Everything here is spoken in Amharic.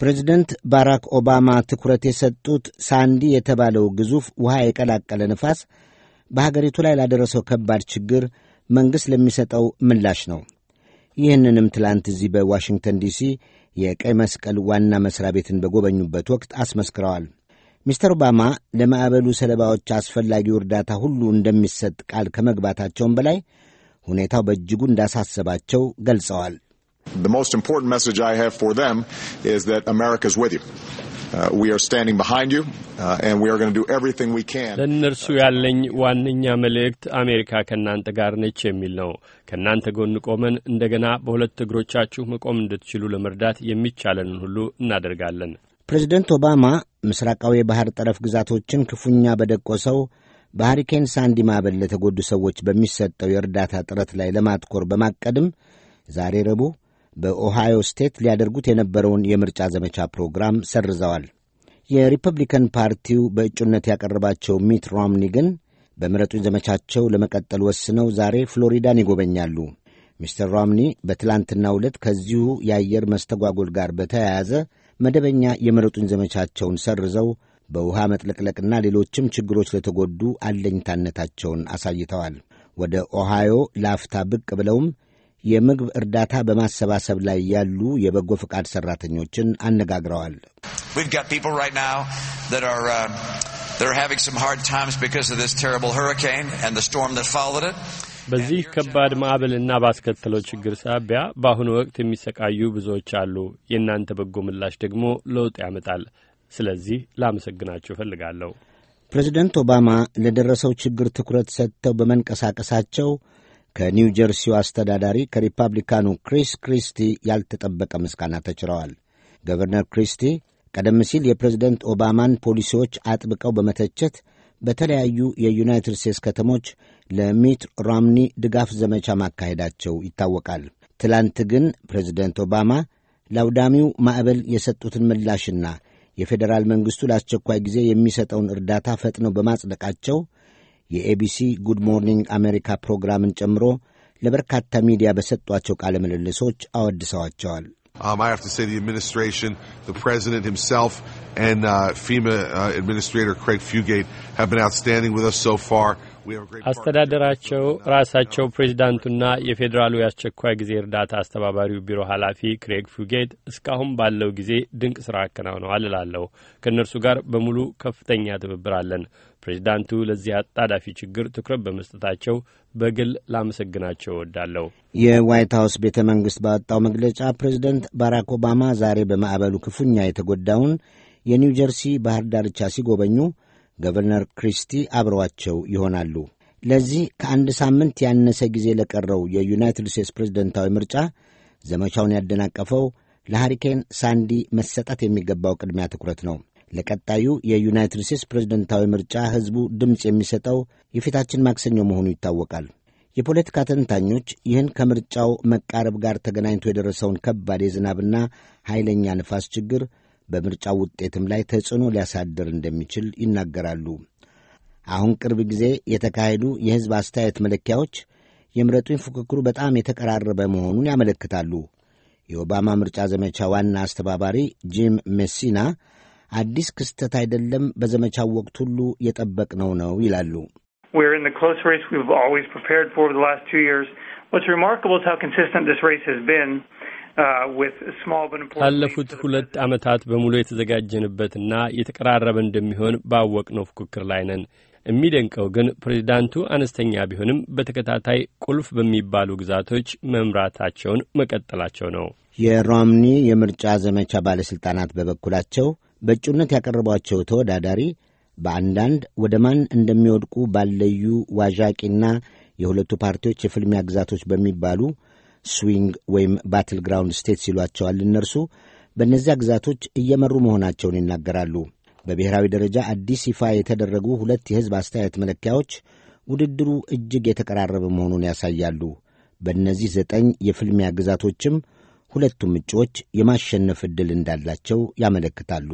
ፕሬዚደንት ባራክ ኦባማ ትኩረት የሰጡት ሳንዲ የተባለው ግዙፍ ውሃ የቀላቀለ ንፋስ በሀገሪቱ ላይ ላደረሰው ከባድ ችግር መንግሥት ለሚሰጠው ምላሽ ነው። ይህንንም ትላንት እዚህ በዋሽንግተን ዲሲ የቀይ መስቀል ዋና መሥሪያ ቤትን በጎበኙበት ወቅት አስመስክረዋል። ሚስተር ኦባማ ለማዕበሉ ሰለባዎች አስፈላጊው እርዳታ ሁሉ እንደሚሰጥ ቃል ከመግባታቸውም በላይ ሁኔታው በእጅጉ እንዳሳሰባቸው ገልጸዋል። The most important message I have for them is that America's with you. Uh, we are standing behind you, uh, and we are going to do everything we can. ለእነርሱ ያለኝ ዋነኛ መልእክት አሜሪካ ከእናንተ ጋር ነች የሚል ነው። ከእናንተ ጎን ቆመን እንደገና በሁለት እግሮቻችሁ መቆም እንድትችሉ ለመርዳት የሚቻለንን ሁሉ እናደርጋለን። ፕሬዚደንት ኦባማ ምስራቃዊ የባህር ጠረፍ ግዛቶችን ክፉኛ በደቆሰው በሃሪኬን ሳንዲ ማዕበል ለተጎዱ ሰዎች በሚሰጠው የእርዳታ ጥረት ላይ ለማትኮር በማቀድም ዛሬ ረቡዕ በኦሃዮ ስቴት ሊያደርጉት የነበረውን የምርጫ ዘመቻ ፕሮግራም ሰርዘዋል። የሪፐብሊካን ፓርቲው በእጩነት ያቀረባቸው ሚት ሮምኒ ግን በምረጡኝ ዘመቻቸው ለመቀጠል ወስነው ዛሬ ፍሎሪዳን ይጎበኛሉ። ሚስተር ሮምኒ በትላንትና ዕለት ከዚሁ የአየር መስተጓጎል ጋር በተያያዘ መደበኛ የምረጡኝ ዘመቻቸውን ሰርዘው በውሃ መጥለቅለቅና ሌሎችም ችግሮች ለተጎዱ አለኝታነታቸውን አሳይተዋል። ወደ ኦሃዮ ላፍታ ብቅ ብለውም የምግብ እርዳታ በማሰባሰብ ላይ ያሉ የበጎ ፈቃድ ሠራተኞችን አነጋግረዋል። uh, በዚህ ከባድ ማዕበልና ባስከተለው ችግር ሳቢያ በአሁኑ ወቅት የሚሰቃዩ ብዙዎች አሉ። የእናንተ በጎ ምላሽ ደግሞ ለውጥ ያመጣል። ስለዚህ ላመሰግናችሁ እፈልጋለሁ። ፕሬዚደንት ኦባማ ለደረሰው ችግር ትኩረት ሰጥተው በመንቀሳቀሳቸው ከኒው ጀርሲው አስተዳዳሪ ከሪፐብሊካኑ ክሪስ ክሪስቲ ያልተጠበቀ ምስጋና ተችረዋል። ገቨርነር ክሪስቲ ቀደም ሲል የፕሬዝደንት ኦባማን ፖሊሲዎች አጥብቀው በመተቸት በተለያዩ የዩናይትድ ስቴትስ ከተሞች ለሚት ሮምኒ ድጋፍ ዘመቻ ማካሄዳቸው ይታወቃል። ትላንት ግን ፕሬዝደንት ኦባማ ለአውዳሚው ማዕበል የሰጡትን ምላሽና የፌዴራል መንግሥቱ ለአስቸኳይ ጊዜ የሚሰጠውን እርዳታ ፈጥነው በማጽደቃቸው የኤቢሲ ጉድ ሞርኒንግ አሜሪካ ፕሮግራምን ጨምሮ ለበርካታ ሚዲያ በሰጧቸው ቃለ ምልልሶች አወድሰዋቸዋል። Um, I have to say the administration, the president himself, and uh, FEMA uh, administrator Craig Fugate have been outstanding with us so far. አስተዳደራቸው ራሳቸው ፕሬዚዳንቱና የፌዴራሉ የአስቸኳይ ጊዜ እርዳታ አስተባባሪው ቢሮ ኃላፊ ክሬግ ፉጌት እስካሁን ባለው ጊዜ ድንቅ ስራ አከናውነዋል እላለሁ። ከእነርሱ ጋር በሙሉ ከፍተኛ ትብብር አለን። ፕሬዚዳንቱ ለዚህ አጣዳፊ ችግር ትኩረት በመስጠታቸው በግል ላመሰግናቸው እወዳለሁ። የዋይት ሀውስ ቤተ መንግሥት ባወጣው መግለጫ ፕሬዚደንት ባራክ ኦባማ ዛሬ በማዕበሉ ክፉኛ የተጎዳውን የኒው ጀርሲ ባህር ዳርቻ ሲጎበኙ ገቨርነር ክሪስቲ አብረዋቸው ይሆናሉ። ለዚህ ከአንድ ሳምንት ያነሰ ጊዜ ለቀረው የዩናይትድ ስቴትስ ፕሬዝደንታዊ ምርጫ ዘመቻውን ያደናቀፈው ለሃሪኬን ሳንዲ መሰጠት የሚገባው ቅድሚያ ትኩረት ነው። ለቀጣዩ የዩናይትድ ስቴትስ ፕሬዝደንታዊ ምርጫ ሕዝቡ ድምፅ የሚሰጠው የፊታችን ማክሰኞ መሆኑ ይታወቃል። የፖለቲካ ተንታኞች ይህን ከምርጫው መቃረብ ጋር ተገናኝቶ የደረሰውን ከባድ የዝናብና ኃይለኛ ንፋስ ችግር በምርጫው ውጤትም ላይ ተጽዕኖ ሊያሳድር እንደሚችል ይናገራሉ። አሁን ቅርብ ጊዜ የተካሄዱ የሕዝብ አስተያየት መለኪያዎች የምረጡኝ ፉክክሩ በጣም የተቀራረበ መሆኑን ያመለክታሉ። የኦባማ ምርጫ ዘመቻ ዋና አስተባባሪ ጂም ሜሲና አዲስ ክስተት አይደለም፣ በዘመቻው ወቅት ሁሉ የጠበቅነው ነው ይላሉ። Uh, ካለፉት ሁለት ዓመታት በሙሉ የተዘጋጀንበትና የተቀራረበ እንደሚሆን ባወቅነው ፉክክር ላይ ነን። የሚደንቀው ግን ፕሬዚዳንቱ አነስተኛ ቢሆንም በተከታታይ ቁልፍ በሚባሉ ግዛቶች መምራታቸውን መቀጠላቸው ነው። የሮምኒ የምርጫ ዘመቻ ባለሥልጣናት በበኩላቸው በእጩነት ያቀረቧቸው ተወዳዳሪ በአንዳንድ ወደ ማን እንደሚወድቁ ባለዩ ዋዣቂና የሁለቱ ፓርቲዎች የፍልሚያ ግዛቶች በሚባሉ ስዊንግ ወይም ባትል ግራውንድ ስቴትስ ይሏቸዋል። እነርሱ በእነዚያ ግዛቶች እየመሩ መሆናቸውን ይናገራሉ። በብሔራዊ ደረጃ አዲስ ይፋ የተደረጉ ሁለት የሕዝብ አስተያየት መለኪያዎች ውድድሩ እጅግ የተቀራረበ መሆኑን ያሳያሉ። በእነዚህ ዘጠኝ የፍልሚያ ግዛቶችም ሁለቱም እጩዎች የማሸነፍ ዕድል እንዳላቸው ያመለክታሉ።